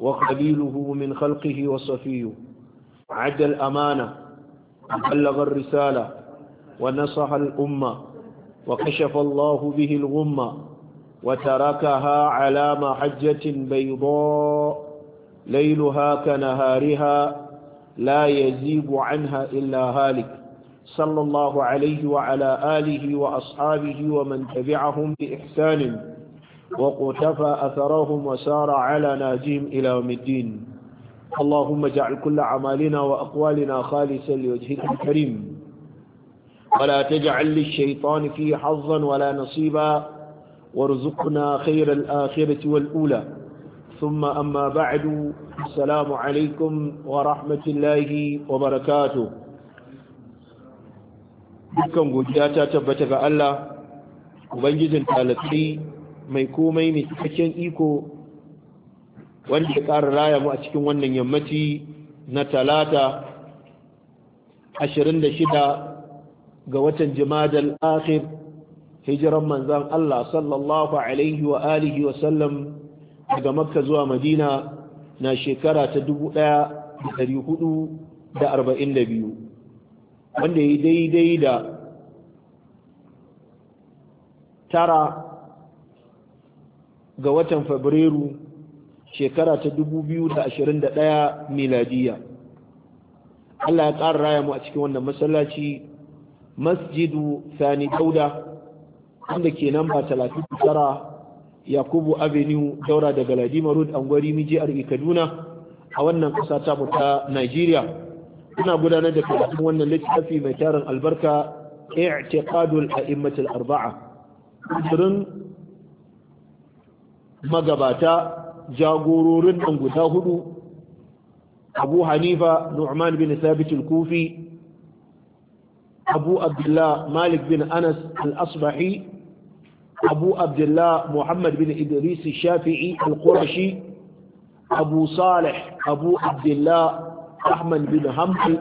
وقليله من خلقه وصفيه عد الأمانة وبلغ الرسالة ونصح الأمة وكشف الله به الغمة وتركها على محجة بيضاء ليلها كنهارها لا يزيب عنها إلا هالك صلى الله عليه وعلى آله وأصحابه ومن تبعهم بإحسان وقتفى أثرهم وسار على ناجيم إلى يوم الدين اللهم اجعل كل عمالنا وأقوالنا خالصا لوجهك الكريم ولا تجعل للشيطان فيه حظا ولا نصيبا وارزقنا خير الآخرة والأولى ثم أما بعد السلام عليكم ورحمة الله وبركاته dukkan godiya ta tabbata ga Allah ubangijin talabi mai komai mai cikakken iko wanda ya ƙara raya mu a cikin wannan yammaci na talata 26 ga watan jimadal akhir hijiran manzan Allah sallallahu alaihi wa alihi wa sallam daga makka zuwa madina na shekara ta 1442 wanda ya daidai da tara ga watan fabrairu shekara ta 2021 miladiya Allah ya ƙara raya mu a cikin wannan masallaci masjidu sani dauda wanda ke nan ba 39 yakubu avenue daura da galadima road angwari mijiyar kaduna a wannan ƙasa ta ta Najeriya, ina gudanar da karatun wannan littafi mai tarin albarka i'tiqadul a'immatul arba'a kudurin magabata jagororin nan guda hudu abu hanifa nu'man bin sabit al-kufi abu abdullah malik bin anas al-asbahi abu abdullah muhammad bin idris al-shafi'i al-qurashi abu salih abu abdullah ahmad bin hamdi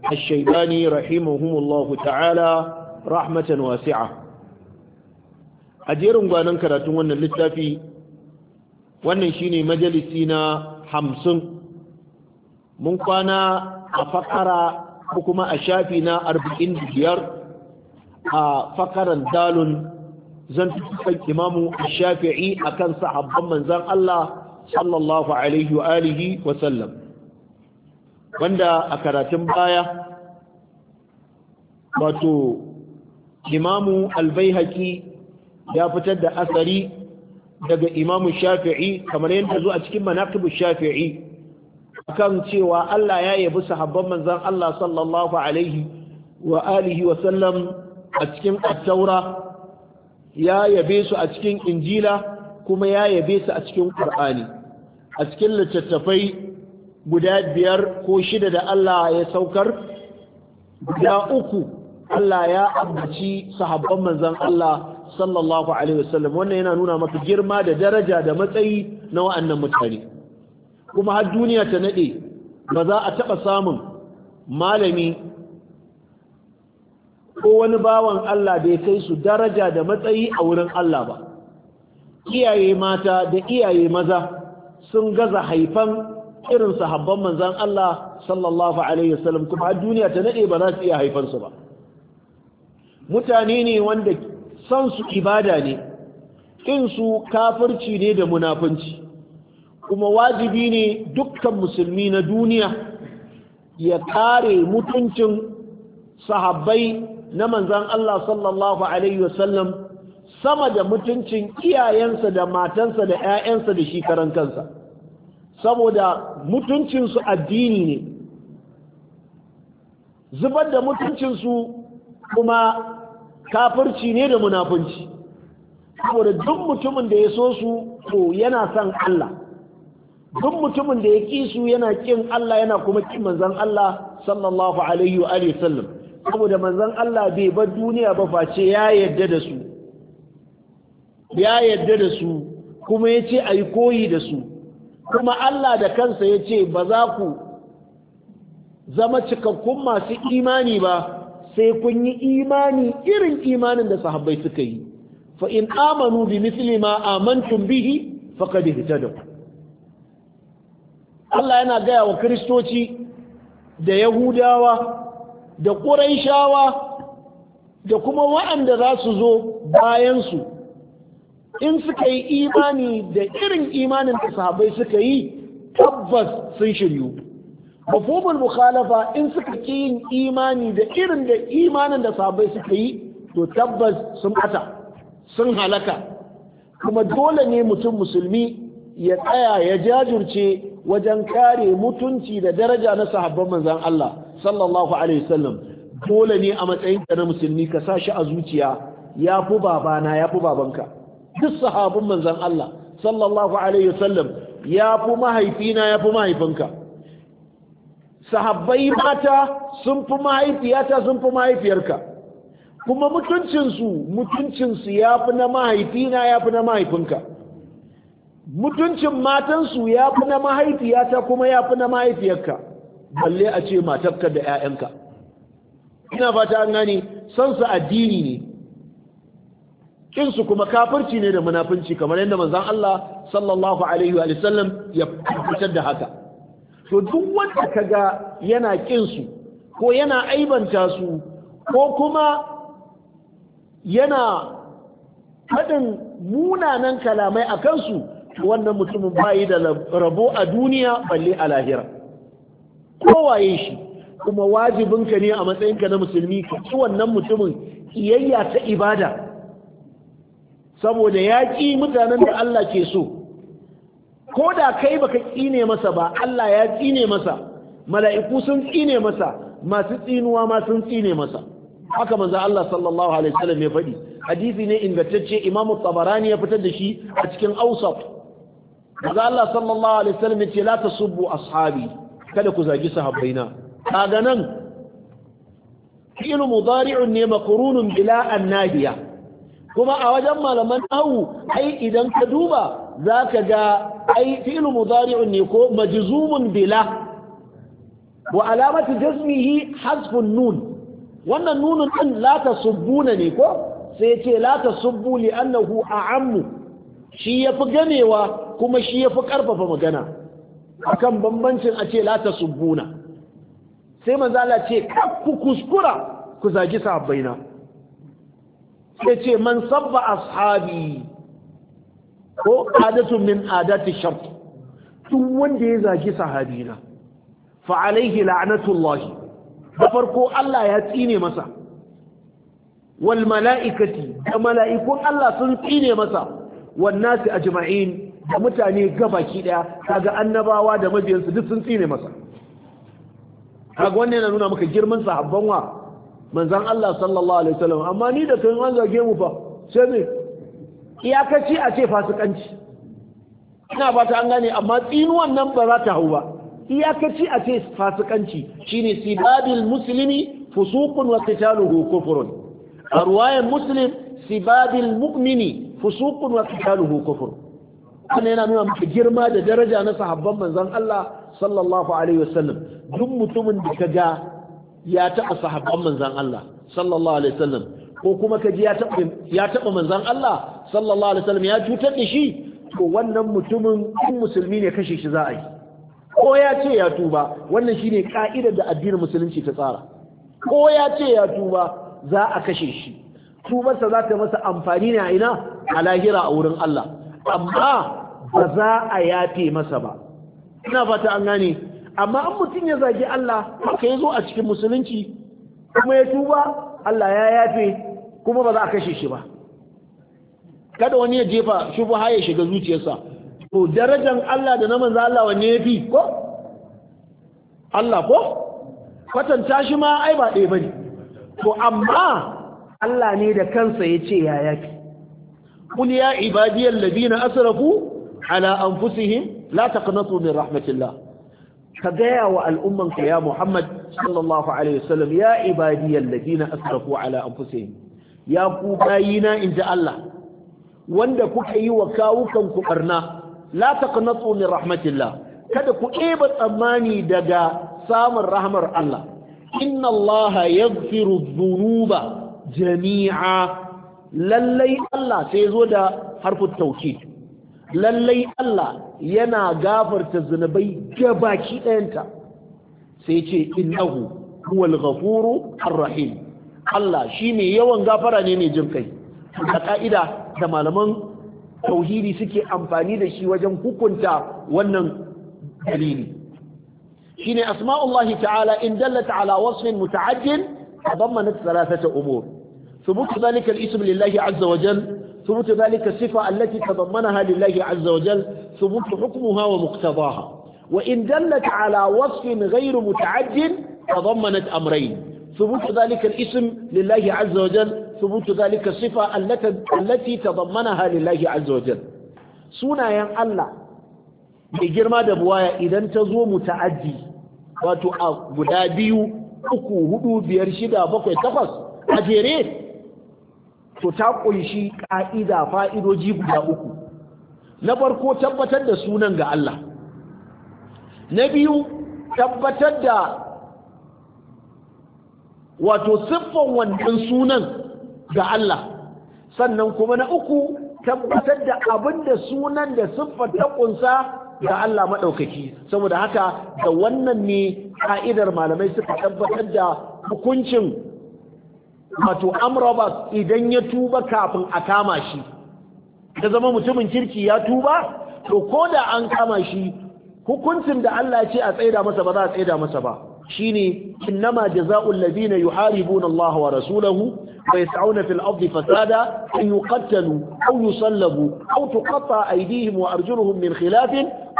الشيباني رحمهم الله تعالى رحمة واسعة أجيرون قانون كراتون التافي wannan shine majalisi na hamsin mun kwana a fakara ko kuma a shafi na arba'in da biyar a fakaran dalun zan tukan imamu shafi'i akan sahabban manzan Allah sallallahu alaihi wa alihi wanda a karatun baya wato imamu albaihaki ya fitar da asari daga imamu shafi'i kamar yadda a cikin manaqibu shafi'i akan cewa Allah ya yabi sahabban manzon Allah sallallahu alaihi wa alihi wa sallam a cikin at-taura ya yabe su a cikin injila kuma ya yabe su a cikin qur'ani a cikin littattafai guda biyar ko shida da Allah ya saukar guda uku Allah ya ambaci sahabban manzon Allah sallallahu alaihi wasallam wannan yana nuna maka girma da daraja da matsayi na wa'annan mutane kuma har duniya ta nade ba za a taba samun malami ko wani bawan Allah da ya kai su daraja da matsayi a wurin Allah ba iyaye mata da iyaye maza sun gaza haifan irin sahabban manzan Allah sallallahu alaihi wasallam kuma har duniya ta nade ba za su iya haifansu ba mutane ne wanda son su ibada ne In su kafirci ne da munafunci kuma wajibi ne dukkan musulmi na duniya ya kare mutuncin sahabbai na manzan Allah sallallahu alaihi wasallam sama da mutuncin iyayensa da matansa da 'ya'yansa da shi kansa saboda mutuncinsu addini ne zubar da mutuncinsu kuma kafirci ne da munafunci saboda duk mutumin da ya so su to yana son Allah duk mutumin da ya ƙi su yana ƙin Allah yana kuma ƙin manzon Allah sallallahu alaihi wa sallam saboda manzon Allah bai bar duniya ba face ya yarda da su ya yarda da su kuma ya ce a yi koyi da su kuma Allah da kansa ya ce ba za ku zama cikakkun masu imani ba sai kun yi imani irin imanin da sahabbai suka yi fa in amanu bi misli ma amantum bihi faqad ihtadaw Allah yana gaya wa kristoci da yahudawa da quraishawa da kuma waɗanda za su zo bayan su in suka yi imani da irin imanin da sahabbai suka yi tabbas sun shiryu mafhumul mukhalafa in suka ki yin imani da irin da imanin da sabai suka yi to tabbas sun bata sun halaka kuma dole ne mutum musulmi ya tsaya ya jajirce wajen kare mutunci da daraja na sahabban manzan Allah sallallahu alaihi wasallam dole ne a matsayin na musulmi ka sa shi a zuciya ya fi babana ya fi babanka duk sahabban manzan Allah sallallahu alaihi wasallam ya fi mahaifina ya fi mahaifinka sahabbai mata sun fi mahaifiyata sun fi mahaifiyarka kuma mutuncinsu mutuncinsu ya fi na mahaifina ya fi na mahaifinka mutuncin matansu ya fi na mahaifiyata kuma ya fi na mahaifiyarka balle a ce matarka da 'ya'yanka ina fata an gane sansu addini ne kinsu kuma kafirci ne da munafinci kamar yadda manzan Allah sallallahu alaihi wa sallam ya fitar da haka to duk wanda ka ga yana kin su ko yana aibanta su ko kuma yana haɗin munanan kalamai a kansu wannan mutumin bayi da rabo a duniya balle a lahira kowaye shi kuma wajibinka ne a matsayinka na musulmi ka ci wannan mutumin kiyayya ta ibada saboda ya ƙi mutanen da Allah ke so ko da kai baka tsine masa ba Allah ya tsine masa mala'iku sun tsine masa masu tsinuwa ma sun tsine masa haka manzo Allah sallallahu alaihi wasallam ya faɗi hadisi ne ingantacce Imam Tabarani ya fitar da shi a cikin Awsat manzo Allah sallallahu alaihi wasallam ya ce la tasubbu ashabi kada ku zagi sahabbaina kaga nan fi'lu mudari'un ne makrunun bila annabiya kuma a wajen malaman awu ai idan ka duba za ka ga ai fi'lu mudari'un ne ko majzumun bila wa alamatu jazmihi hasfun nun wannan nunun din la tasubbuna ne ko sai ce la tasubbu li annahu a'ammu shi yafi ganewa kuma shi yafi karfafa magana akan bambancin a ce la tasubbuna sai manzo Allah ce ku kuskura ku zagi sahabbaina sai ce man sabba ashabi ko adatun min adati shart duk wanda ya zagi sahabina fa alaihi la'natullahi da farko Allah ya tsine masa wal mala'ikati da mala'ikun Allah sun tsine masa wan nasi ajma'in da mutane gabaki daya kaga annabawa da mabiyansu duk sun tsine masa kaga wannan yana nuna maka girman sahabban wa manzon Allah sallallahu alaihi wasallam amma ni da kai an zage mu fa sai iyakaci a ce fasikanci ina ba ta an gane amma tsinuwan nan ba za ta hau ba iyakaci a ce fasikanci shine sibabil muslimi fusuqun wa qitaluhu kufrun a muslim sibabil mu'mini fusuqun wa qitaluhu kufrun wannan yana nuna maka girma da daraja na sahabban manzon Allah sallallahu alaihi wasallam duk mutumin da ka ga ya taɓa sahabban manzon Allah sallallahu alaihi wasallam ko kuma kaji ya taɓa ya taɓa manzon Allah sallallahu alaihi wasallam ya cutar da shi to wannan mutumin in musulmi ne kashe shi za a yi ko ya ce ya tuba wannan shine ka'idar da addinin musulunci ta tsara ko ya ce ya tuba za a kashe shi tubarsa za ta masa amfani ne a ina a lahira a wurin Allah amma ba za a yafe masa ba ina fata an gane amma an mutum ya zagi Allah ka yi zo a cikin musulunci kuma ya tuba Allah ya yafe kuma ba za a kashe shi ba kada wani ya jefa shubha ya shiga zuciyarsa to darajar Allah da na manzo Allah wanne yafi ko Allah ko kwatanta shi ma ai ba ɗaya bane to amma Allah ne da kansa yace ya yafi qul ya ibadiyal ladina asrafu ala anfusihim la taqnatu min rahmatillah ka gaya wa al'ummanka ya Muhammad sallallahu alaihi wasallam ya ibadiyal ladina asrafu ala anfusihim ya ku bayina inji Allah wanda kuka yi wa kawukan ku barna la taqnatu min rahmatillah kada ku ɗeba tsammani daga samun rahmar Allah inna Allah yaghfiru dhunuba jami'a lallai Allah sai zo da harfin tauhid lallai Allah yana gafarta zunubai gabaki ɗayanta sai ce innahu huwal ghafuru arrahim Allah shine yawan gafara ne mai jin kai da ka'ida da malaman tauhidi suke amfani da shi wajen hukunta wannan dalili shine asma'ullahi ta'ala in dallata ala wasfin muta'addin tadammanat thalathata umur ثبوت ذلك الاسم لله عز وجل ثبوت ذلك الصفة التي تضمنها لله عز وجل ثبوت حكمها ومقتضاها وإن دلت على وصف غير متعد تضمنت أمرين ثبوت ذلك الاسم لله عز وجل ثبوت ذلك الصفة التي تضمنها لله عز وجل sunayen Allah mai girma da buwaya idan ta zo mu muta'addi wato a guda biyu uku hudu biyar shida bakwai takwas a jere to ta ƙunshi ƙa'ida, fa'idoji guda uku na farko tabbatar da sunan ga Allah na biyu tabbatar da wato siffan wannan sunan ga Allah sannan kuma na uku tabbatar da abin da sunan da siffar ta kunsa ga Allah maɗaukaki saboda haka da wannan ne ka'idar malamai suka tabbatar da hukuncin wato amraba idan ya tuba kafin a kama shi da zama mutumin kirki ya tuba to ko da an kama shi hukuncin da Allah ce a tsaida masa ba za a tsaida masa ba shine innama jazaa'ul ladina yuharibuna Allah wa rasulahu wa yas'una fil ardi fasada an yu aw yusallabu aw tuqatta aydihim wa arjuluhum min khilaf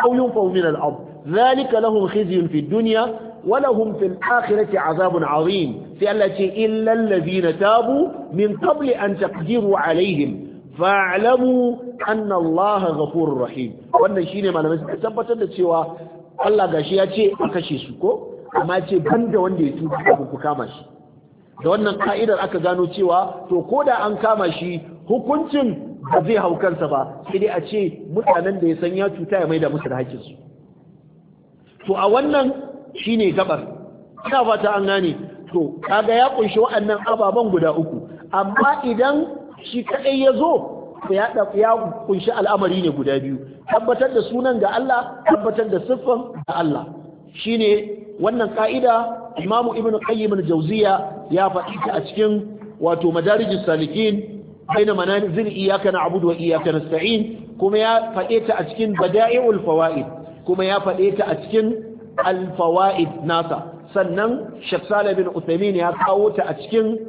aw yunfaw min al ard dhalika lahum khizyun fid dunya wa lahum fil akhirati 'adhabun 'azim fi allati illa alladhina tabu min qabli an taqdiru 'alayhim fa'lamu anna Allah ghafurur rahim wannan shine malamai a tabbatar da cewa Allah gashi ya ce a kashe su ko amma ce ban da wanda ya tuki abu ku kama shi da wannan ka'idar aka gano cewa to ko da an kama shi hukuncin ba zai hau kansa ba sai dai a ce mutanen da ya san ya cuta ya maida musu da su to a wannan shine gabar ina fata an gane to kaga ya kunshi waɗannan ababen guda uku amma idan shi kaɗai ya zo ya kunshi al'amari ne guda biyu tabbatar da sunan ga Allah tabbatar da siffan ga Allah shine wannan ka'ida imamu ibn qayyim al-jawziya ya faɗi ta a cikin wato madarijin salikin baina manazil iyyaka na'budu wa iyyaka nasta'in kuma ya faɗe ta a cikin bada'i'ul fawaid kuma ya faɗe ta a cikin al-fawaid nasa sannan Sheikh Salih bin Uthaymeen ya kawo ta a cikin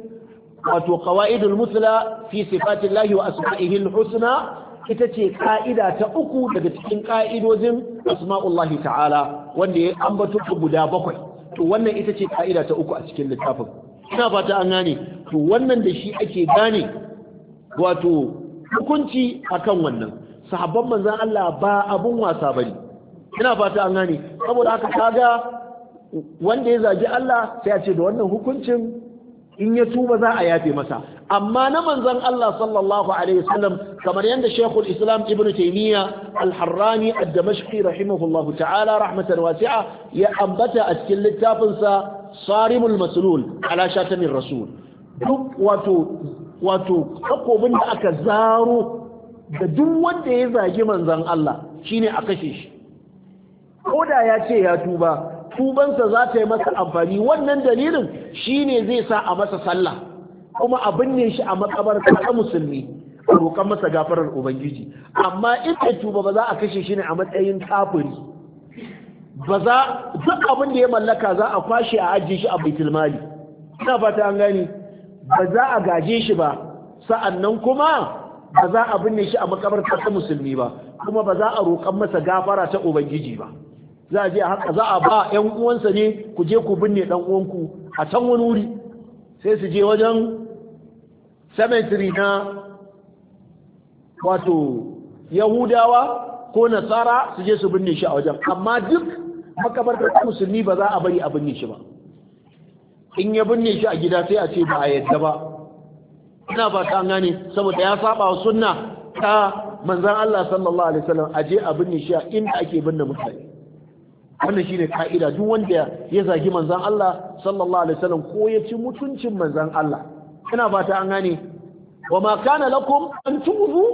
wato qawaidul musla fi sifatillahi wa asma'ihi al-husna ita ce ka'ida ta uku daga cikin ka'idojin asma'ullahi ta'ala wanda ya ambato guda bakwai to wannan ita ce ka'ida ta uku a cikin littafin ina fata an gane to wannan da shi ake gane wato hukunci akan wannan sahabban manzon Allah ba abun wasa bane ina fata an gane saboda haka kaga wanda ya zagi Allah sai a ce da wannan hukuncin in ya tuba za a yafe masa amma na manzon Allah sallallahu alaihi wasallam kamar yadda Sheikhul Islam Ibn Taymiyyah Al-Harrani Ad-Damashqi rahimahullahu ta'ala rahmatan wasi'a ya ambata a cikin littafin sa Sarimul Maslul ala shatamin Rasul duk wato wato takobin da aka zaro da duk wanda ya zagi manzon Allah shine a kashe shi koda ya ce ya tuba tubansa za ta yi masa amfani wannan dalilin shine zai sa a masa sallah kuma a binne shi a makabarta ta musulmi a roƙon masa gafarar ubangiji amma in bai tuba ba za a kashe shi ne a matsayin kafiri ba za duk abin da ya mallaka za a kwashe a ajiye shi a baitul mali ina fata an gani ba za a gaje shi ba sa'annan kuma ba za a binne shi a makabarta ta musulmi ba kuma ba za a roƙon masa gafara ta ubangiji ba za a je a za a ba yan uwansa ne ku je ku binne dan uwanku a can wani wuri sai su je wajen cemetery na wato yahudawa ko nasara su je su binne shi a wajen amma duk makabartar musulmi ba za a bari a binne shi ba in ya binne shi a gida sai a ce ba a yadda ba ina ba ta gane saboda ya saba wa sunna ta manzan Allah sallallahu alaihi wasallam a je a binne shi a inda ake binne mutane wannan shine ka'ida duk wanda ya zagi manzon Allah sallallahu alaihi wasallam ko ya ci mutuncin manzon Allah ina fata an gane wa ma kana lakum an tu'zu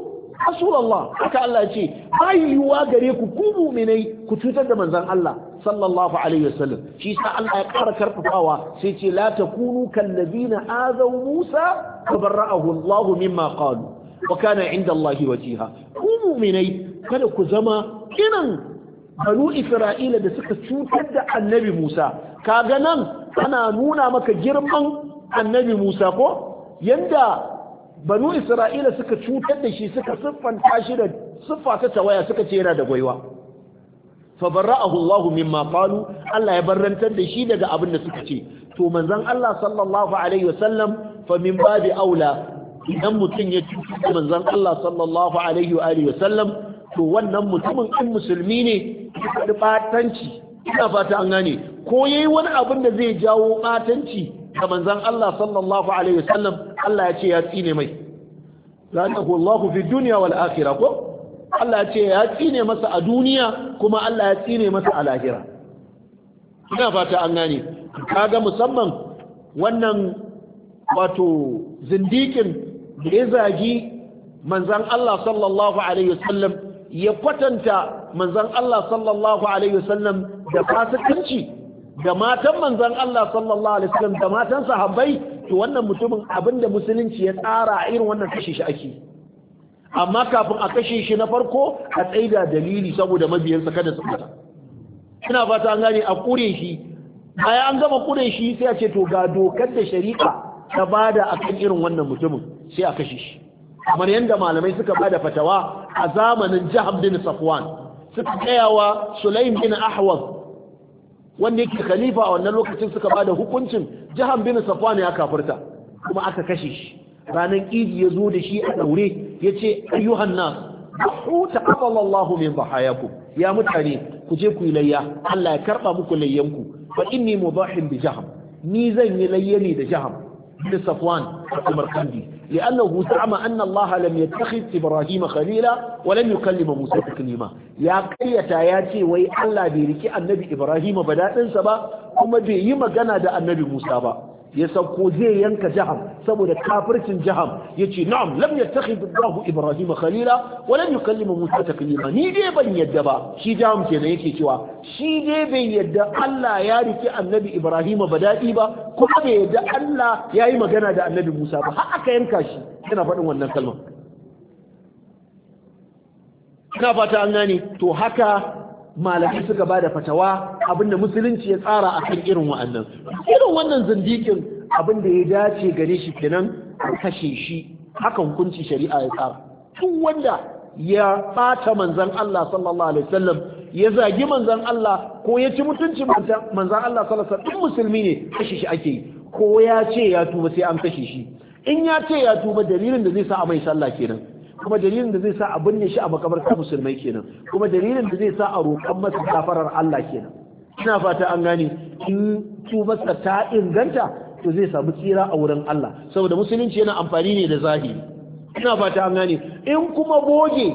rasulullah haka Allah ya ce bai gare ku ku mu'minai ku cutar da manzon Allah sallallahu alaihi wasallam shi sa Allah ya ƙara karfafawa sai ce la takunu kallazina azaw Musa tabarra'ahu Allah mimma qalu wa kana 'inda Allah wajiha ku mu'minai kada ku zama irin banu isra'ila da suka cutar da annabi musa kaga nan ana nuna maka girman annabi musa ko yanda banu isra'ila suka cutar da shi suka siffanta shi da siffa ta tawaya suka ce yana da gwaiwa fabarra'ahu Allah mimma qalu Allah ya barrantar da shi daga abin da suka ce to manzon Allah sallallahu alaihi wasallam fa min babi aula idan mutum ya cuci manzon Allah sallallahu alaihi wa alihi wasallam to wannan mutumin in musulmi ne ya faɗi ɓatanci ina fata an gane ko yayi wani abin da zai jawo ɓatanci ga manzon Allah sallallahu alaihi wasallam Allah ya ce ya tsine mai la'anahu Allahu fi dunya wal akhirah ko Allah ya ce ya tsine masa a duniya kuma Allah ya tsine masa a lahira ina fata an gane kaga musamman wannan wato zindikin da ya zagi manzon Allah sallallahu alaihi wasallam ya kwatanta manzon Allah sallallahu alaihi wasallam da fasikanci da matan manzon Allah sallallahu alaihi wasallam da matan sahabbai to wannan mutumin abinda musulunci ya tsara a irin wannan kashe shi ake amma kafin a kashe shi na farko a tsaida dalili saboda mabiyansa kada su fata ina fata an gane a kure shi bayan an gama kure shi sai a ce to ga dokar da shari'a ta bada kan irin wannan mutumin sai a kashe shi kamar yadda malamai suka bada fatawa a zamanin Jihar bin Safwan suka tsayawa wa sulaim bin ahwaz wanda yake khalifa a wannan lokacin suka bada hukuncin jihar bin safwan ya kafirta kuma aka kashe shi ranar idi ya zo da shi a daure ya ce ayyuhan nas ku taqabbala min dhahayakum ya mutane ku je ku yi layya Allah ya karba muku layyanku fa inni mudahin bi jaham ni zan yi layya ne da jaham bin safwan a Samarkandi لأنه زعم أن الله لم يتخذ إبراهيم خليلا ولم يكلم موسى تكليما يا قرية ياتي وي ألا بيركي النبي إبراهيم بدأ تنسبا ثم بيما جنى النبي موسى با ya sauko zai yanka jaham saboda kafircin jaham yace na'am lam yattakhid Allah Ibrahim khalila wa lam yukallimu Musa taklima ni dai ban yadda ba shi jaham kenan yake cewa shi dai bai yadda Allah ya riki Annabi Ibrahim ba daɗi ba kuma bai yadda Allah yayi magana da Annabi Musa ba har aka yanka shi yana faɗin wannan kalmar ina fata an gane to haka malamai suka ba da fatawa abinda musulunci ya tsara a kan irin wa'annan irin wannan zindikin abinda ya dace gare shi kenan a kashe shi haka hukunci shari'a ya tsara tun wanda ya bata manzan Allah sallallahu alaihi wasallam ya zagi manzan Allah ko ya ci mutunci manzan Allah sallallahu alaihi wasallam musulmi ne kashe shi ake yi ko ya ce ya tuba sai an kashe shi in ya ce ya tuba dalilin da zai sa a mai sallah kenan kuma dalilin da zai sa a binne shi a makabarta musulmai kenan kuma dalilin da zai sa a roƙan masa gafarar Allah kenan ina fata an gane in tubarsa ta inganta to zai samu tsira a wurin Allah saboda musulunci yana amfani ne da zahiri ina fata an gane in kuma boge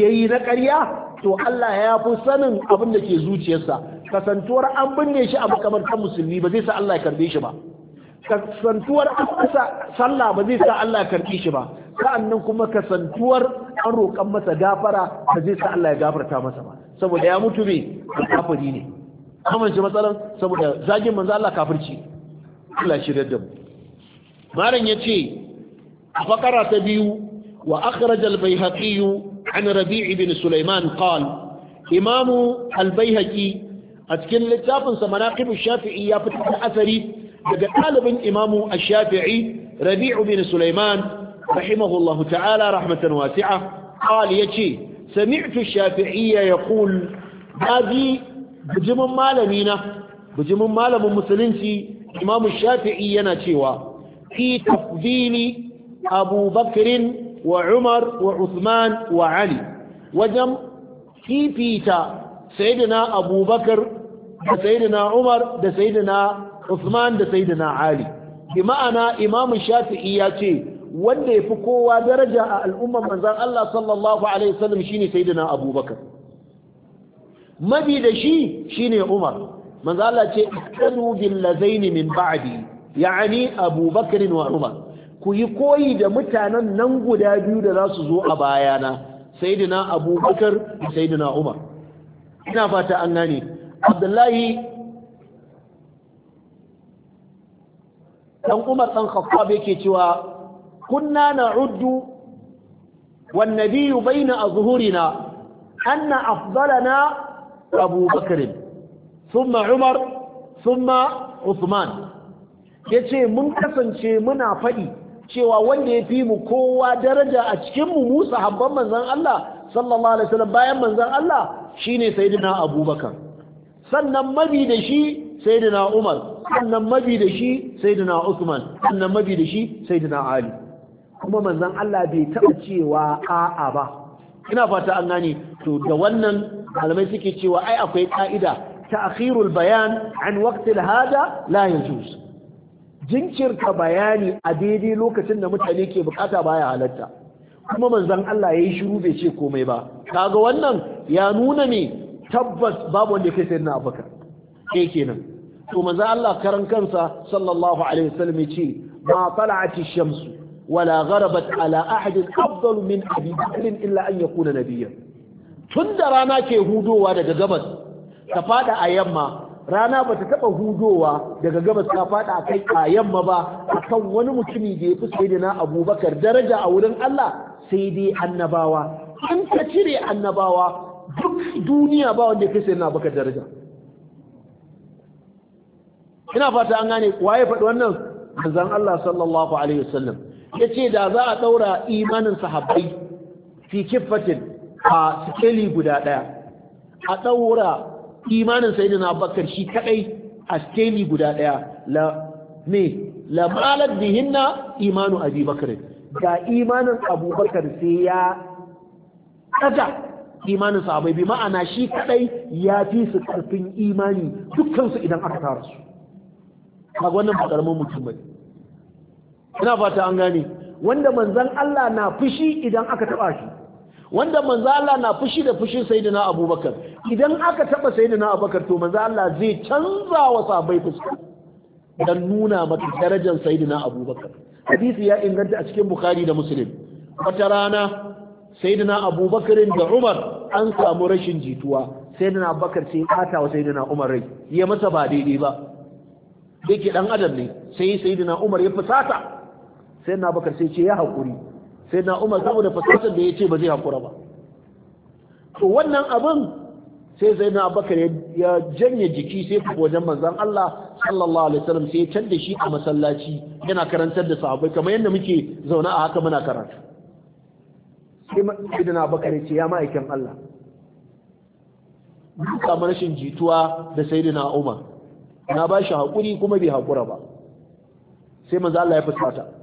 yayi na ƙarya to Allah ya fi sanin abin da ke zuciyarsa kasantuwar an binne shi a makabartar musulmi ba zai sa Allah ya karbe shi ba kasantuwar an masa sallah ba zai sa Allah ya karbe shi ba sa'annan kuma kasantuwar an roƙan masa gafara ba zai sa Allah ya gafarta masa ba saboda ya mutu me kafiri ne amince matsalan saboda zagin manzo Allah kafirci Allah shi da mu maran yace a fakara ta biyu wa akhraj al an rabi' ibn sulaiman qala imam al a cikin littafin sa manaqib shafii ya fitar da asari daga ɗalibin imamu ash-shafi'i Rabi'u bin sulaiman rahimahullahu ta'ala rahmatan wasi'a qal yace sami'tu shafi'iyya yaqul hadi bijimin malami na bijimin malamin musulunci imamu shafi'i yana cewa fi tafdili abu bakrin wa umar wa usman wa ali wajen fifita sayidina abubakar da sayidina umar da sayidina usman da sayidina ali bi ma'ana imamu shafi'i ya ce wanda ya fi kowa daraja a al'ummar manzan Allah sallallahu alaihi wasallam shine sayyidina Abubakar mabi da shi shi ne Umar manzon Allah ce ikadu bil ladaini min ba'di yani Abubakar wa Umar ku yi koyi da mutanen nan guda biyu da za su zo a bayana sayyidina Abubakar da sayyidina Umar ina fata an gane Abdullahi dan Umar dan Khattab yake cewa kunna na'uddu wan nabiyyu baina azhurina anna afdalana Abu Bakr thumma Umar thumma Uthman yace mun kasance muna faɗi cewa wanda ya fi mu kowa daraja a cikin mu mu sahabban manzon Allah sallallahu alaihi wasallam bayan manzon Allah shine sayyidina Abubakar sannan mabi da shi sayyidina Umar sannan mabi da shi sayyidina Usman sannan mabi da shi sayyidina Ali kuma manzon Allah bai taɓa cewa a'a ba ina fata an gani. to da wannan malamai suke cewa ai akwai ka'ida ta'khirul bayan an waqtil hada la yajuz jinkirta bayani a daidai lokacin da mutane ke bukata baya halatta kuma manzon Allah yayi shiru bai ce komai ba kaga wannan ya nuna ne tabbas babu wanda yake sayyidina Abubakar eh kenan to manzon Allah karan kansa sallallahu alaihi wasallam ya ce ma tala'ati shamsu wala gharabat ala ahadin afdal min abi bakr illa an yakuna nabiyya tun da rana ke hudowa daga gabas ta fada a yamma rana ba ta taba hudowa daga gabas ta fada a yamma ba akan wani mutumi da ya fi sayyidina abubakar daraja a wurin Allah sai dai annabawa in ka cire annabawa duk duniya ba wanda ya fi sayyidina daraja ina fata an gane waye faɗi wannan manzon Allah sallallahu alaihi wasallam ya ce da za a ɗaura imanin sahabbai fi kifatin a sikeli guda ɗaya a ɗaura imanin sai na bakar shi kaɗai a sikeli guda ɗaya la ne la malar bihinna imanu abi bakar ga imanin abubakar sai ya ɗaga imanin sahabbai bi ma'ana shi kaɗai ya fi su ƙarfin imani dukkansu idan aka tara su kaga wannan ba ƙaramin mutum bane ina fata an gane wanda manzon Allah na fushi idan aka taba shi wanda manzan Allah na fushi da fushin sayyidina Abubakar idan aka taba sayyidina Abubakar to manzan Allah zai canza wa sabai fuska dan nuna maka darajar sayyidina Abubakar hadisi ya inganta a cikin Bukhari da Muslim wata rana sayyidina Abubakar da Umar an samu rashin jituwa sayyidina Abubakar sai kata wa sayyidina Umar rai ya masa ba daidai ba yake dan adam ne sai sayyidina Umar ya fusata sai na bakar sai ce ya haƙuri sai na umar saboda fasasar da ya ce ba zai haƙura ba to wannan abin sai sai na bakar ya janye jiki sai ku wajen manzan Allah sallallahu alaihi wasallam sai ya canza shi a masallaci yana karantar da sahabbai kamar yadda muke zaune a haka muna karatu sai sayyidina bakar ce ya ma'aikin Allah duka rashin jituwa da sayyidina Umar na ba shi haƙuri kuma bai haƙura ba sai manzo Allah ya fuskata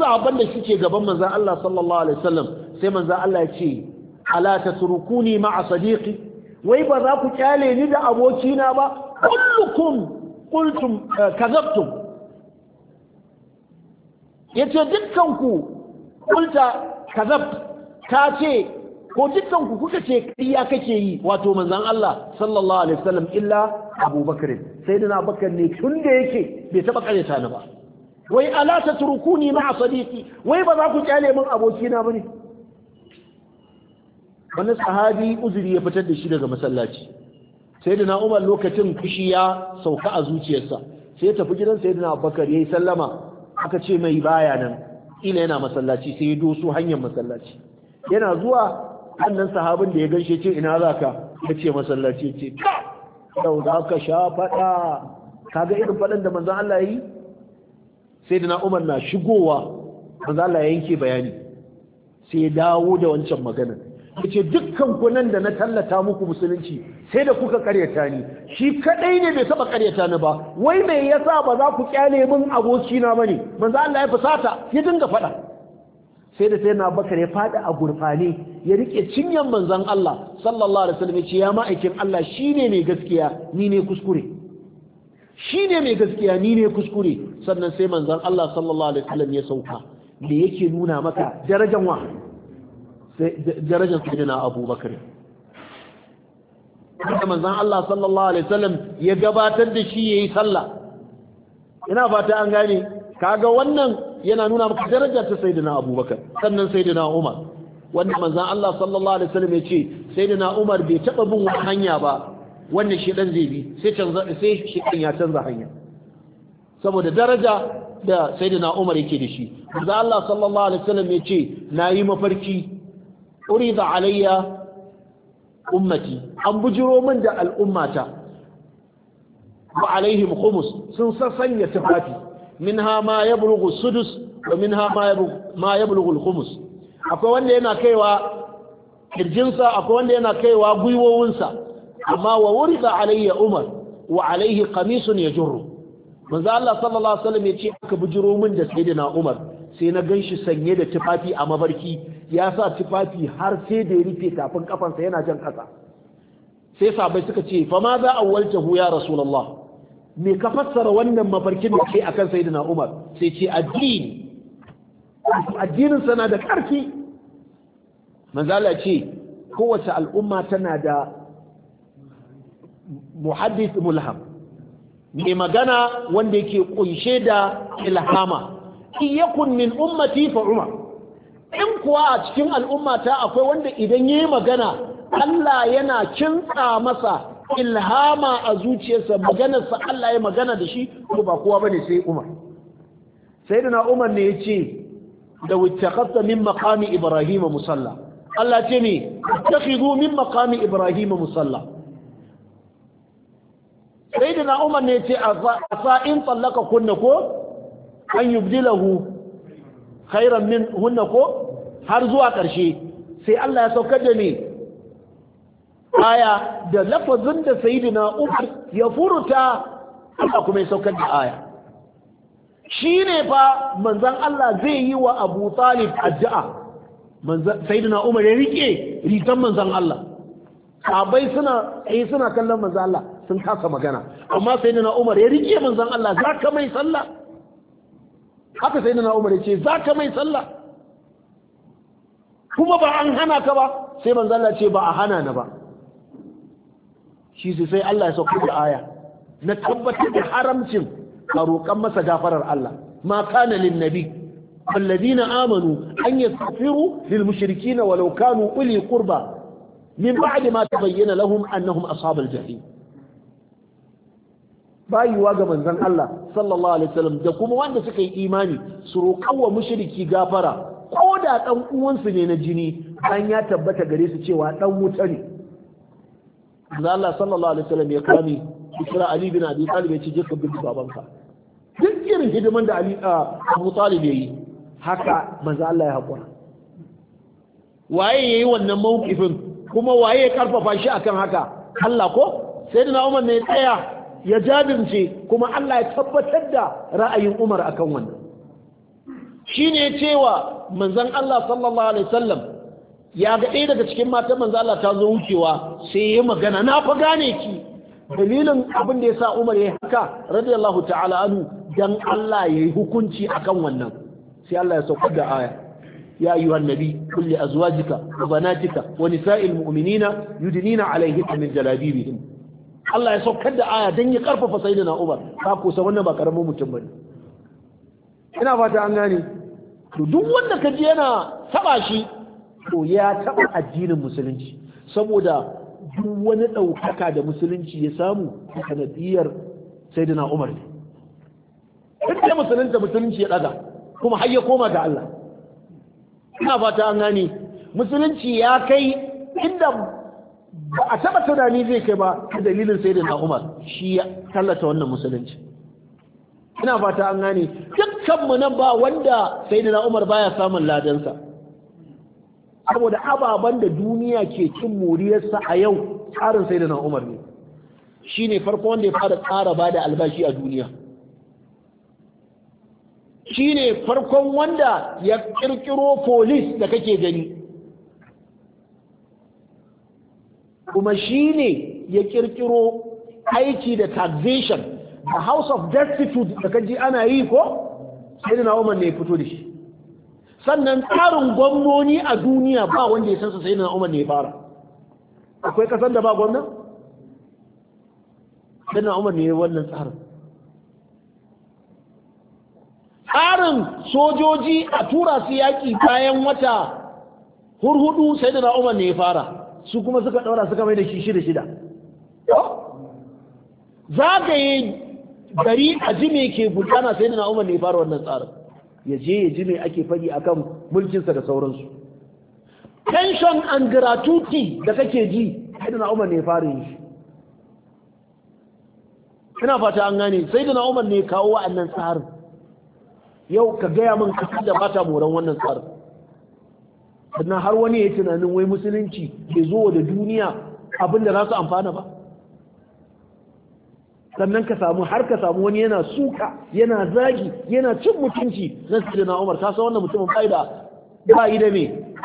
sahabban da suke gaban manzon Allah sallallahu alaihi wasallam sai manzon Allah ya ce ala tasrukuni ma'a sadiqi wai ba za ku kyale ni da abokina ba kullukum qultum eh, kazabtum Ya ce dukkanku kulta kazabt ta ce ko dukkanku kuka ce ƙarya kake yi wato manzan Allah sallallahu alaihi wasallam illa Abu sai sayyidina Bakar ne tun da yake bai taɓa ƙaryata ni ba wai ala ta ma a sadiki wai ba za ku kyale min abokina ba ne wani sahabi uzuri ya fitar da shi daga masallaci sai da na'umar lokacin fushi ya sauka a zuciyarsa sai ya tafi gidan sai da Abubakar ya yi sallama aka ce mai baya nan Ina yana masallaci sai ya doso hanyar masallaci yana zuwa wannan sahabin da ya ganshe ce ina za ka ya ce masallaci ce ka yau za ka sha faɗa kaga irin faɗan da manzan Allah yi Sai da Umar na shigowa manzo Allah ya yanke bayani sai ya dawo da wancan magana yace dukkan kunan da na tallata muku musulunci sai da kuka karyata ni shi kadai ne bai saba karyata ni ba wai mai yasa ba za ku kyale min aboki na bane manzo Allah ya fasata, ya dinga fada sai da sai na bakar ya fada a gurfane ya rike cinyan manzon Allah sallallahu alaihi wasallam ya ce ya ma'aikin Allah shine mai gaskiya ni ne kuskure shi ne mai gaskiya ni ne kuskure sannan sai manzan Allah sallallahu alaihi wasallam ya sauka da yake nuna maka darajar wa darajar sayyidina Abubakar da manzan Allah sallallahu alaihi wasallam ya gabatar da shi yayi sallah ina fata an gane kaga wannan yana nuna maka darajar ta sayyidina Abubakar sannan sayyidina Umar wanda manzan Allah sallallahu alaihi wasallam ya ce sayyidina Umar bai taba bin hanya ba wannan shedan zai bi sai canza sai shedan ya canza hanya saboda daraja da sayyidina Umar yake da shi manzo Allah sallallahu alaihi wasallam yace nayi mafarki urida alayya ummati an bujiro min da al'ummata wa alaihim khumus sun sanya tufafi minha ma yablughu sudus wa minha ma yablughu al-khumus akwai wanda yana kaiwa kirjinsa akwai wanda yana kaiwa gwiwowinsa amma wa wurida alayya umar wa alayhi qamisun yajurru manzo Allah sallallahu alaihi wasallam ya ce aka bujiro min da sayyidina umar sai na ganshi sanye da tufafi a mabarki ya sa tufafi har sai da ya rufe tafin kafansa yana jan kasa sai sabai suka ce fa ma za awwaltahu ya rasulullah me ka fassara wannan mafarkin da kai akan sayyidina umar sai ce addini addinin sana da karfi manzo Allah ce kowace al'umma tana da muhaddis mulham mai magana wanda yake kunshe da ilhama iyakun min ummati fa umar in kuwa a cikin al'ummata akwai wanda idan yayi magana Allah yana kinsa masa ilhama a zuciyarsa maganarsa Allah ya magana da shi ko ba kowa bane sai Umar sayyidina Umar ne yace da wittaqatta min maqami Ibrahim musalla Allah ce ne takhidu min maqami Ibrahim musalla sai da na'umar ne ce a sa'in tsallaka kunna ko an yi yubdilahu khairan min hunna ko har zuwa ƙarshe sai Allah ya saukar da ne aya da lafazin da sayidina Umar ya furuta Allah kuma ya saukar da aya shi ne fa manzan Allah zai yi wa Abu Talib addu'a sayidina Umar ya riƙe ritan manzan Allah sabai suna eh, suna kallon manzan Allah sun kasa magana amma sai na umar ya rike manzon Allah za ka mai sallah haka sai na umar ya ce za ka mai sallah kuma ba an hana ka ba sai manzon Allah ce ba a hana na ba shi sai Allah ya sauko da aya na tabbatar da haramcin a roƙan masa gafarar Allah ma kana lin nabi الذين آمنوا أن يستغفروا للمشركين ولو كانوا أولي قربى من بعد ما تبين لهم أنهم أصحاب الجحيم bayuwa ga manzon Allah sallallahu alaihi wasallam da kuma wanda suka yi imani su roƙawa mushriki gafara ko da dan uwansu ne na jini an ya tabbata gare su cewa dan wuta ne manzon Allah sallallahu alaihi wasallam ya kami kira Ali bin Abi Talib ya ce jikka ka baban babanka duk irin hidiman da Ali ah, Abu Talib ya yi haka manzon Allah ya haƙura waye yayi wannan mawqifin kuma waye ya karfafa shi akan haka Allah ko sai da Umar ne tsaya ya jajirce kuma Allah ya tabbatar da ra'ayin Umar akan wannan shine cewa manzon Allah sallallahu alaihi wasallam ya ga ɗaya daga cikin matan manzon Allah ta zo wucewa sai ya magana na fa gane ki dalilin abin da yasa Umar ya haka radiyallahu ta'ala anhu dan Allah yayi hukunci akan wannan sai Allah ya saukar da aya يا أيها النبي قل لأزواجك وبناتك ونساء muminina yudnina عليهن من جلابيبهم Allah ya saukar da aya don ya karfafa sayyidina Umar ka kusa wannan ba karamin mutum bane ina fata an gane to duk wanda ka ji yana taba shi to ya taba addinin musulunci saboda duk wani ɗaukaka da musulunci ya samu a sanadiyar sayyidina Umar ne duk da musulunta musulunci ya ɗaga, kuma har ya koma ga Allah ina fata an gane musulunci ya kai inda ba a taba tunani zai kai ba ta dalilin sai da Umar shi ya tallata wannan musulunci ina fata an gane mu nan ba wanda sai da Umar baya samun ladansa saboda ababen da duniya ke cin moriyarsa a yau tsarin sai da Umar ne shi ne farko wanda ya fara tsara ba da albashi a duniya shi ne farkon wanda ya kirkiro polis da kake gani kuma shi ne ya kirkiro aiki da taxation da house of destitute da kaji ana yi ko sai da na'umar ne ya fito da shi sannan tsarin gwamnoni a duniya ba wanda ya sansa sai da na'umar ne ya fara akwai kasan da ba gwamna? sai da na'umar ne ya wannan tsarin tsarin sojoji a tura su yaƙi bayan wata hurhudu sai da na'umar ne ya fara su kuma suka ɗaura suka mai da shi shida shida zagaye gari a jime ke gudana sai na umar ne fara wannan tsarin ya je ya ji me ake faɗi akan mulkinsa da sauransu pension and gratuity da kake ji sai na umar ne fara yin shi ina fata an gane sai da na umar ne kawo wa'annan tsarin yau ka gaya min kasar da bata moran wannan tsarin sannan har wani ya tunanin wai musulunci ke zo da duniya abinda da za su amfana ba sannan ka samu har ka samu wani yana suka yana zagi yana cin mutunci na sirina umar ta san wannan mutumin bai da da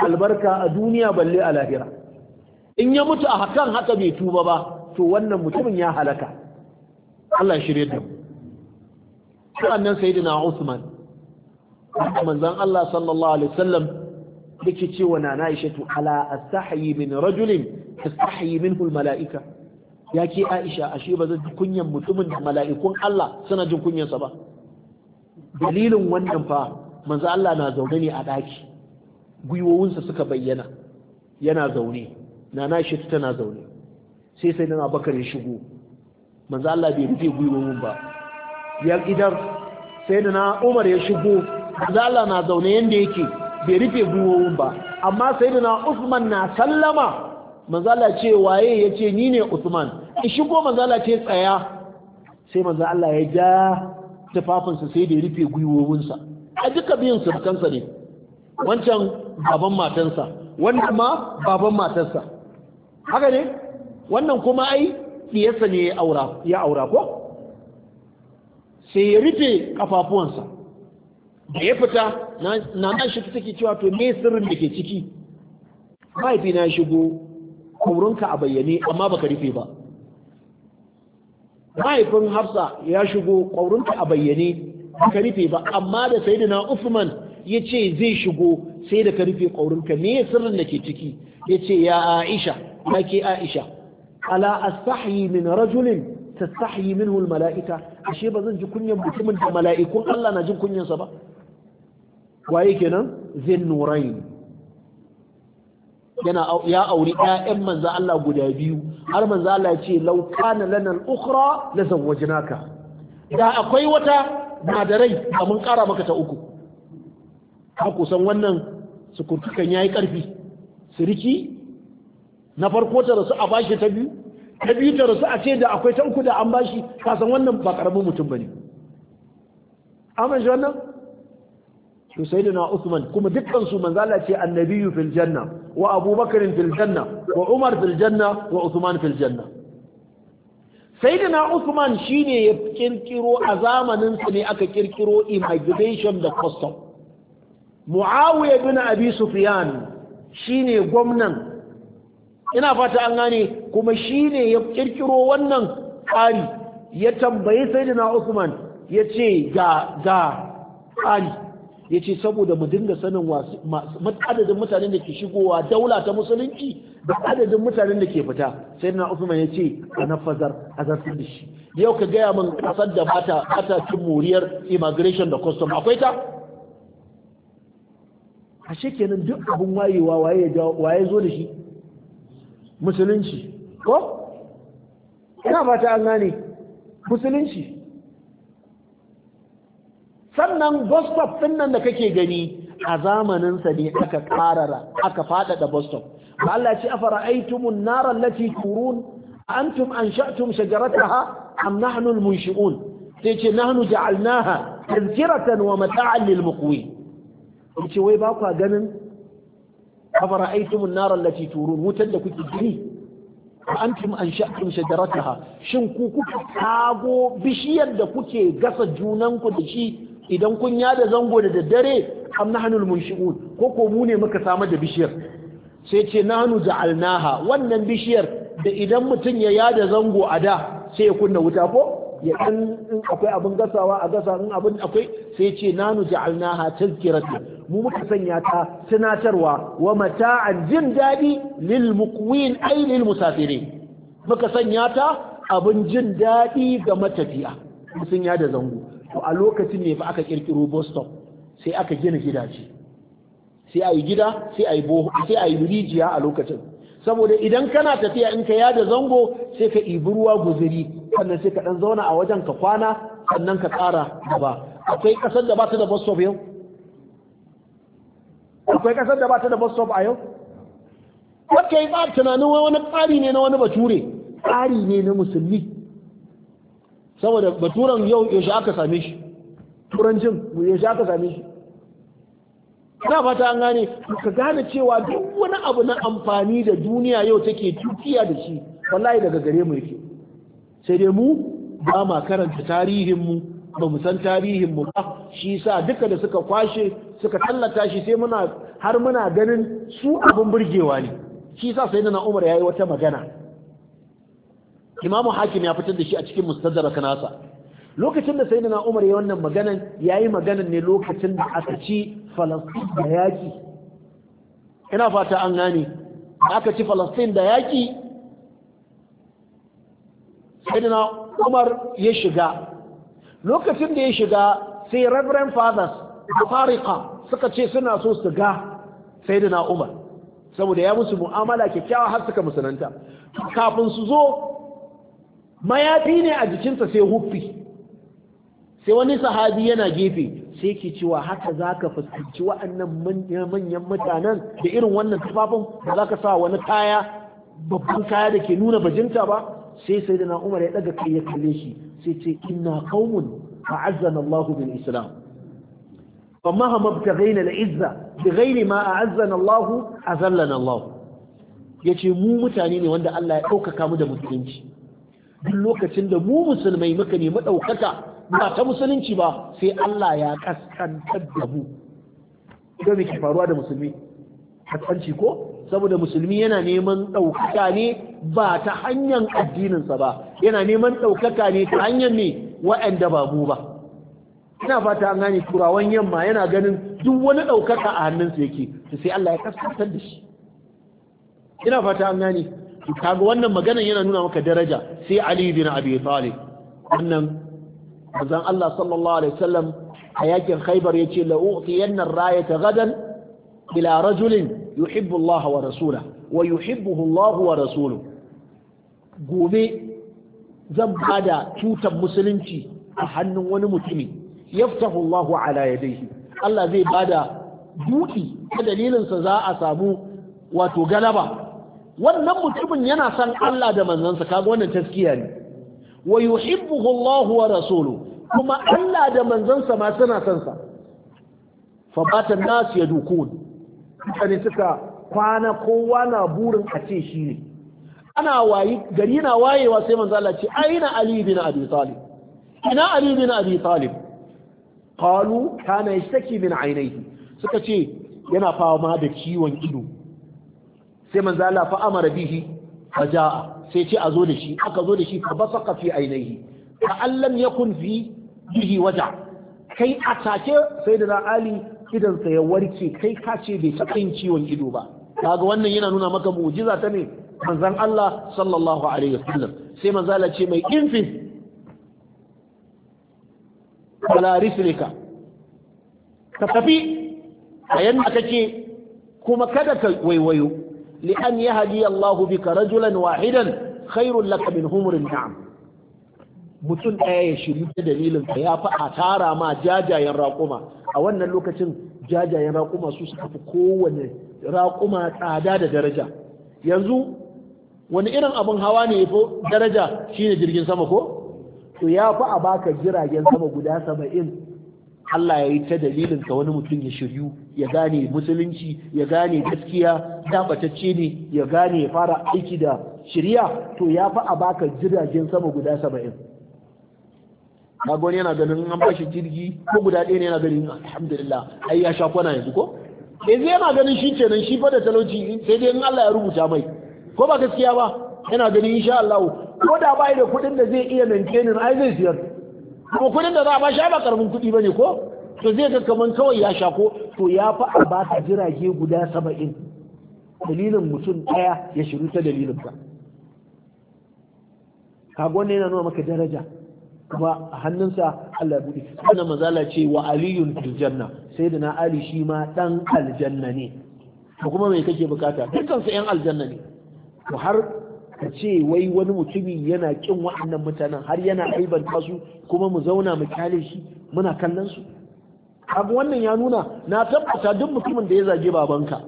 albarka a duniya balle a lahira in ya mutu a hakan haka bai tuba ba to wannan mutumin ya halaka Allah shirye da mu sannan sayyidina Usman manzon Allah sallallahu alaihi wasallam yake cewa na Aisha tu ala astahyi min rajulin tastahyi minhu Ya yake Aisha ashe ba zai kunyan mutumin da mala'ikun Allah suna jin kunyansa ba dalilin wannan fa manzo Allah na zaune ne a daki gwiwowinsa suka bayyana yana zaune nana shi tana zaune sai sai na bakar ya shigo manzo Allah bai rufe gwiwowin ba ya idan sai na Umar ya shigo manzo Allah na zaune yanda yake bai rufe gwiwowin ba amma sayyidina usman na sallama manzala ce waye ya ce ni ne usman in shigo manzala ce tsaya sai manzan Allah ya ja tufafinsa sai da ya rufe gwiwowinsa a duka biyun surkansa ne wancan baban matansa wannan ma baban matansa. haka ne wannan kuma ai diyarsa ne ya aura ko sai ya rufe kafafuwansa da ya fita na na shi take cewa to me sirrin da ke ciki mahaifi na shigo kurinka a bayyane amma baka rufe ba mahaifin hafsa ya shigo kurinka a bayyane baka rufe ba amma da na usman ya ce zai shigo sai da ka rufe kurinka me sirrin da ke ciki ya ce ya aisha ya ke aisha ala astahyi min rajulin tastahi minhu almalaika ashe ba zan ji kunyan mutumin da mala'ikun Allah na jin kunyansa ba waye kenan zin nurain yana ya auri ƴaƴan manzo Allah guda biyu har manzo Allah ya ce law kana lana al-ukhra la zawwajnaka da akwai wata na da rai mun kara maka ta uku ka kusan wannan su sukurtukan yayi karfi riki na farko ta rasu a bashi ta biyu ta biyu ta rasu a ce da akwai ta uku da an bashi ka san wannan ba karamin mutum bane amma shi wannan to sayyidina Usman kuma dukkan su manzo Allah ce annabiyyu fil janna wa Abubakar fil janna wa Umar fil janna wa Usman fil janna sayyidina Usman shine ya kirkiro a zamanin sa ne aka kirkiro immigration da custom Muawiya bin Abi Sufyan shine gwamnan ina fata an gane kuma shine ya kirkiro wannan tsari ya tambayi sayyidina Usman ya ce ga ga tsari ya ce saboda mu dinga sanin adadin mutanen da ke shigowa daula ta musulunci da adadin mutanen da ke fita sai na usman ya ce a na fazar a zartar da shi yau ka gaya min kasar da bata bata cin moriyar immigration da custom akwai ta a kenan duk abin wayewa waye waye zo da shi musulunci ko ina fata an gane musulunci sannan bus stop ɗin nan da kake gani a zamaninsa ne aka ƙarara aka faɗaɗa bus stop ba Allah ce afara aitumun nara lati turun antum ansha'tum shajarataha am nahnu almunshi'un sai ce nahnu ja'alnaha tazkiratan wa mata'an lil muqwi ce wai ba kwa ganin afara aitumun nara lati turun wutar da kuke gani antum ansha'tum shajarataha shin ku kuka kago bishiyar da kuke gasa junanku da shi idan kun yada zango da daddare am nahnul munshi'un ko ko mu ne muka samar da bishiyar sai ce nahnu ja'alnaha wannan bishiyar da idan mutum ya yada zango a da sai ya kunna wuta ko ya dan akwai abin gasawa a gasa in abin akwai sai ce nahnu ja'alnaha tazkiratan mu muka sanya ta tunatarwa wa mata'an jin dadi lil muqwin ay lil musafirin muka sanya ta abin jin daɗi ga matafiya sun yada zango to a lokacin ne ba aka kirkiro boston sai aka gina gidaje sai a yi gida sai a yi boho sai a yi rijiya a lokacin saboda idan kana tafiya in ka yada zango sai ka ibi ruwa guzuri sannan sai ka dan zauna a wajen ka kwana sannan ka ƙara gaba akwai kasar da ba ta da bus stop yau akwai kasar da ba ta da bus stop a yau wacce yi tsari tunanin wani tsari ne na wani bature tsari ne na musulmi saboda turan yau yaushe aka same shi turancin yaushe aka same shi ina fata an gane ka gane cewa duk wani abu na amfani da duniya yau take tukiya da shi wallahi daga gare mu yake sai dai mu ba ma karanta tarihin mu ba mu san tarihin mu ba shi sa duka da suka kwashe suka tallata shi sai muna har muna ganin su abin burgewa ne shi sa sai na Umar yi wata magana imamu hakim ya fitar da shi a cikin mustadrak nasa lokacin da sayyidina umar ya wannan maganan yayi maganan ne lokacin da aka ci falastin da yaki ina fata an gane aka ci falastin da yaki sayyidina umar ya shiga lokacin da ya shiga sai reverend fathers da suka ce suna so su ga sayyidina umar saboda ya musu mu'amala kyakkyawa har suka musananta. kafin su zo mayafi ne a jikinsa sai huffi sai wani sahabi yana gefe sai ke cewa haka za ka fuskanci wa'annan manyan mutanen da irin wannan tufafin da za ka sa wani kaya babban kaya da ke nuna bajinta ba sai sai da umar ya daga kai ya kalle shi sai ce inna a fa'azzana Allahu bil islam فمهما ابتغينا العزة بغير ما a الله أذلنا الله yace mu mutane ne wanda Allah ya ɗaukaka mu da mutunci duk lokacin da mu musulmai muka nemi ɗaukaka ba ta musulunci ba sai Allah ya kaskantar da mu idan ke faruwa da musulmi kaskanci ko saboda musulmi yana neman ɗaukaka ne ba ta hanyar addininsa ba yana neman ɗaukaka ne ta hanyar ne wa'anda ba mu ba ina fata an gane turawan yamma yana ganin duk wani ɗaukaka a hannunsa yake sai Allah ya kaskantar da shi ina fata an gane kaga wannan magana yana nuna maka daraja sai Ali bin Abi Talib wannan manzon Allah sallallahu alaihi wasallam a yakin Khaibar yace la u'tiyanna ar-rayata gadan ila rajulin yuhibbu Allah wa rasulahu wa yuhibbuhu Allah wa rasuluhu gobe zan bada tutar musulunci a hannun wani mutumi yaftahu Allah ala yadayhi Allah zai bada duki ta dalilinsa za a samu wato galaba wannan mutumin yana san Allah da manzansa kaga wannan taskiya ne wa yuhibbuhu Allah wa rasuluhu kuma Allah da manzansa ma suna san sa fa batan nas yadukun mutane suka kwana kowa na burin a ce shi ne ana wayi gari na wayewa sai manzo Allah ce aina ali bin abi talib ina ali bin abi talib qalu kana yashtaki min ainihi suka ce yana fama da ciwon ido sai manzo Allah fa amara bihi faja'a sai ce a zo da shi aka zo da shi fa basaqa fi ainihi ka allam yakun fi bihi waja kai atake sayyidina ali idan sa ya warke kai ka ce bai taɓa yin ciwon ido ba kaga wannan yana nuna maka mu'jiza ta ne manzon Allah sallallahu alaihi wasallam sai manzo Allah ce mai infin ala rislika ka tafi a yanda kake kuma kada ka waiwayo li'an yahdi Allahu bika rajulan wahidan khairul laka min humrin na'am mutum ɗaya ya shiri ta dalilin ka ya fi a tara ma jajayen raƙuma a wannan lokacin jajayen raƙuma su suka fi kowane raƙuma tsada da daraja yanzu wani irin abin hawa ne ya fi daraja shine jirgin sama ko to ya fi a baka jiragen sama guda saba'in Allah ya yi ta dalilin ka wani mutum ya shiryu ya gane musulunci ya gane gaskiya dabatacce ne ya gane ya fara aiki da shirya to ya fi a baka jiragen sama guda saba'in kaga wani yana ganin an bashi jirgi ko guda ɗaya ne yana ganin alhamdulillah ai ya sha kwana yanzu ko yanzu yana ganin shi kenan shi fa da talauci sai dai in Allah ya rubuta mai ko ba gaskiya ba yana ganin insha Allah ko da bai da kuɗin da zai iya maintaining ai zai siyar kuma kudin da za a ba shi ba karamin kudi bane ko to zai ga kaman kawai ya shako to ya fa a ba ta jirage guda saba'in dalilin mutum daya ya shiru ta dalilin ka kago ne yana nuna maka daraja kuma a hannunsa Allah buɗe kana mazala ce wa aliyun fil janna sai da na ali shi ma dan aljanna ne kuma me kake bukata dukkan su yan aljanna ne to har ka ce wai wani mutumi yana kin waɗannan mutanen har yana aibar su kuma mu zauna mu kyale shi muna kallon su abu wannan ya nuna na tabbata duk mutumin da ya zage babanka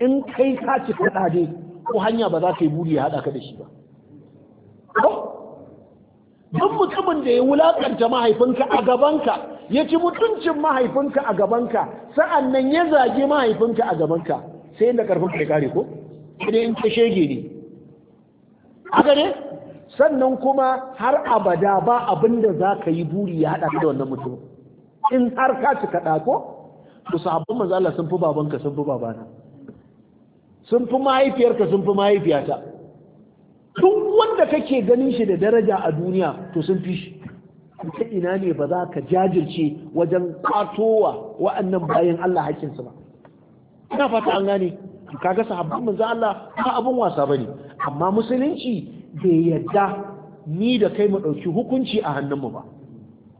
in kai ka ci dai ko hanya ba za ka yi buri ya haɗa ka da shi ba duk mutumin da ya wulakanta mahaifinka a gabanka ya ci mutuncin mahaifinka a gabanka sa'an nan ya zage mahaifinka a gabanka sai inda karfin kai kare ko idan in ka shege ne haka sannan kuma har abada ba abin da za ka yi buri ya haɗa da wannan mutum in har ka cika ɗako to sahabban manzo sun fi babanka sun fi babana sun fi mahaifiyarka sun fi mahaifiyata duk wanda kake ganin shi da daraja a duniya to sun fi shi ta ina ne ba za ka jajirce wajen katowa wa'annan bayan Allah haƙƙinsu ba ina fata an gane kaga sahabban manzo Allah ba abun wasa bane amma musulunci bai yadda ni da kai mu ɗauki hukunci a hannun mu ba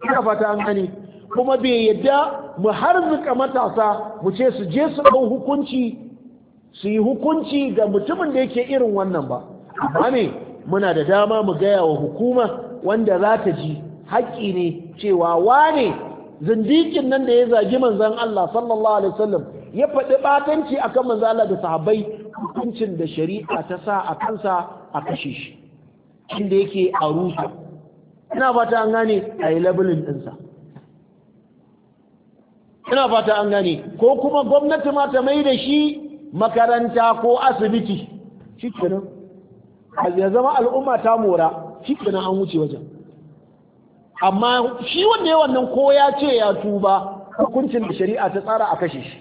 ina fata an gani kuma bai yadda mu harzuka matasa mu ce su je su ɗau hukunci su yi hukunci ga mutumin da yake irin wannan ba amma ne muna da dama mu gaya wa hukuma wanda za ta ji haƙƙi ne cewa wane zindikin nan da ya zagi manzon Allah sallallahu alaihi wasallam ya faɗi ɓatanci akan manzon Allah da sahabbai hukuncin da shari'a ta sa a kansa a kashe shi inda yake a rusa ina fata an gane a yi labulin ɗinsa ina fata an gane ko kuma gwamnati ma ta mai da shi makaranta ko asibiti shi kenan ya zama al'umma ta mora shi kenan an wuce wajen amma shi wanda yawan nan ko ya ce ya tuba hukuncin da shari'a ta tsara a kashe shi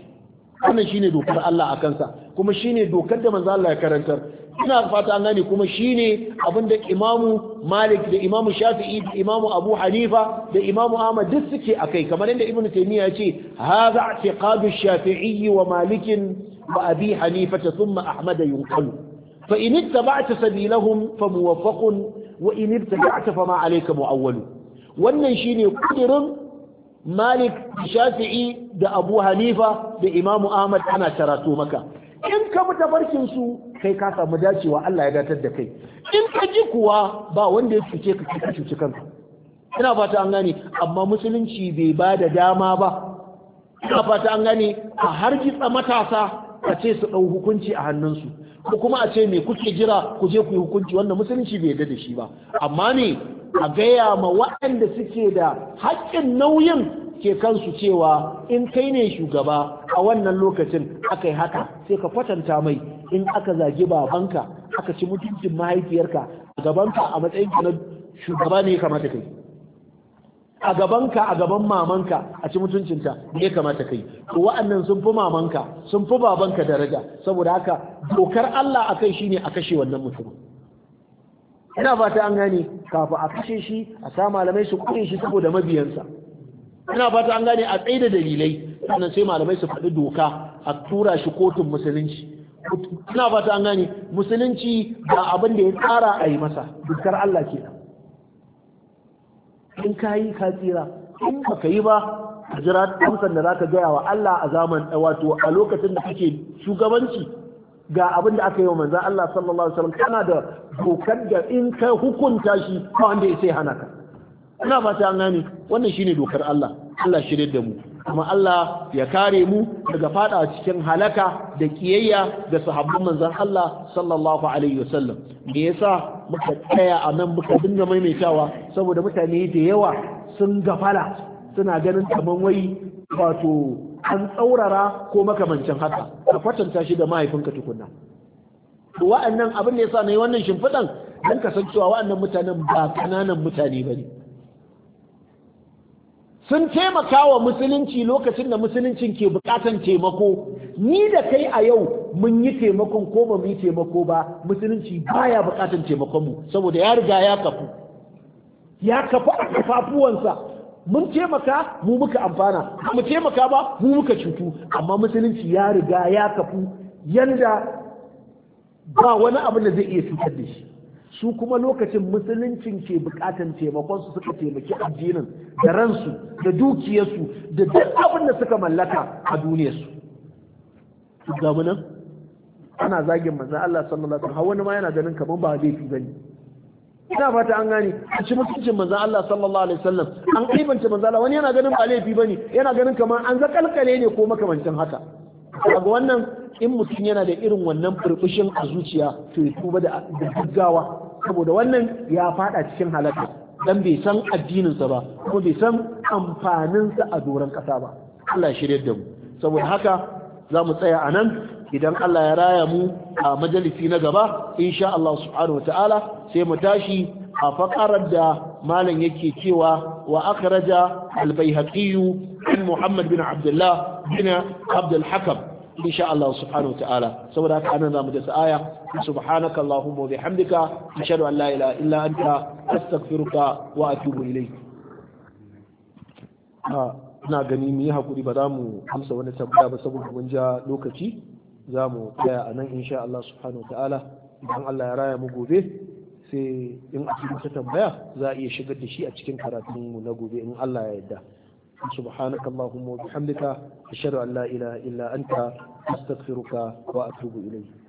wannan shine dokar Allah a kansa kuma shine dokar da manzo Allah ya karantar ina fata an gane kuma shine abinda Imamu Malik da Imamu Shafi'i da Imamu Abu Hanifa da Imamu Ahmad duk suke akai kamar yadda ibnu Taymiyyah ya ce hadha i'tiqadu Shafi'i wa Malik wa Abi Hanifa thumma Ahmad yunqal fa in ittaba'ta sabilahum fa muwaffaqun wa in ibtada'ta fama alayka mu'awwal wannan shine kudirin malik shafi'i da abu hanifa da imamu ahmad ana karatu maka in ka bi tafarkin su kai ka samu dacewa Allah ya datar da kai in ka ji kuwa ba wanda ya cuce ka ka cuci kanka ina fata an gane amma musulunci bai ba da dama ba ina fata an gane a hargitsa matasa ka ce su ɗau hukunci a hannunsu ko kuma a ce me kuke jira ku je ku yi hukunci wannan musulunci bai yarda da shi ba amma ne a gaya ma waɗanda suke da haƙƙin nauyin ke kansu cewa in kai ne shugaba a wannan lokacin aka yi haka sai ka kwatanta mai in aka zagi babanka aka ci mutuncin mahaifiyarka a gabanka a matsayinka na shugaba ne kamata kai a gabanka a gaban mamanka a ci mutuncinta ya kamata kai wa'annan sun fi mamanka sun fi babanka daraja saboda haka dokar Allah a akai shine a kashe wannan mutumin ina fata an gane kafin a kashe shi a sa malamai su kure shi saboda mabiyansa ina fata an gane a da dalilai sannan sai malamai su faɗi doka a tura shi kotun musulunci ina fata an gane musulunci ga abin da ya tsara a yi masa dokar Allah kenan in ka yi ka tsira in ba ka yi ba a jira amsan da za ka gaya wa Allah a zaman eh, wato a lokacin da kake shugabanci ga abin da aka yi wa manzo Allah sallallahu alaihi wasallam kana da dokar da in ka hukunta shi ba wanda ya sai hana ka ina ba ta gane wannan shine dokar Allah Allah shirye da mu kuma Allah ya kare mu daga fada cikin halaka da kiyayya da sahabban manzon Allah sallallahu alaihi wasallam me yasa muka tsaya a nan muka dinga maimaitawa saboda mutane da yawa sun gafala suna ganin kaman wai wato an tsaurara ko makamancin haka ka kwatanta shi da mahaifinka tukunna wa'annan abin da yasa nayi wannan shimfidan dan kasancewa wa'annan mutanen ba kananan mutane bane sun taimaka wa musulunci lokacin da musuluncin ke bukatan taimako ni da kai a yau mun yi taimakon ko ba mu yi taimako ba musulunci baya bukatan taimakon mu saboda ya riga ya kafu ya kafu a kafafuwansa mun taimaka mu muka amfana mu taimaka ba mu muka cutu amma musulunci ya riga ya kafu yanda ba wani abin da zai iya cutar da shi su kuma lokacin musuluncin ke bukatan taimakon su suka taimaki addinin da ransu da dukiyarsu da duk abin da suka mallaka a duniyarsu su gamu nan ana zagin manzon Allah sallallahu alaihi wasallam wani ma yana ganin kaman ba laifi bane ina fata an gane a cikin mutuncin manzon Allah sallallahu alaihi wasallam an aibanta manzon Allah wani yana ganin ba laifi bane yana ganin kaman an zakalkale ne ko makamancin haka daga wannan in mutum yana da irin wannan burbushin a zuciya to ya tuba da gaggawa saboda wannan ya fada cikin halaka dan bai san addininsa ba kuma bai san amfaninsa a doron kasa ba Allah shirye da mu saboda haka za mu tsaya a nan idan Allah ya raya mu a majalisi na gaba insha Allah subhanahu wa sai mu tashi a fakarar da malam yake cewa wa akhraja al bayhaqi Muhammad bin Abdullah bin Abdul Hakam insha Allah subhanahu ta'ala saboda haka anan zamu dasa aya subhanaka allahumma wa bihamdika ashhadu an la ilaha illa anta astaghfiruka wa atubu ilayk ah, ina gani mu yi hakuri ba za mu amsa wani tambaya ba saboda mun ja lokaci za mu tsaya a nan insha Allah subhanahu ya raya mu gobe sai in a cikin ta tambaya za a iya shigar da shi a cikin karatun mu na gobe in Allah ya yarda subhanakallahumma wa bihamdika ashhadu an la ilaha illa anta أستغفرك وأتوب إليك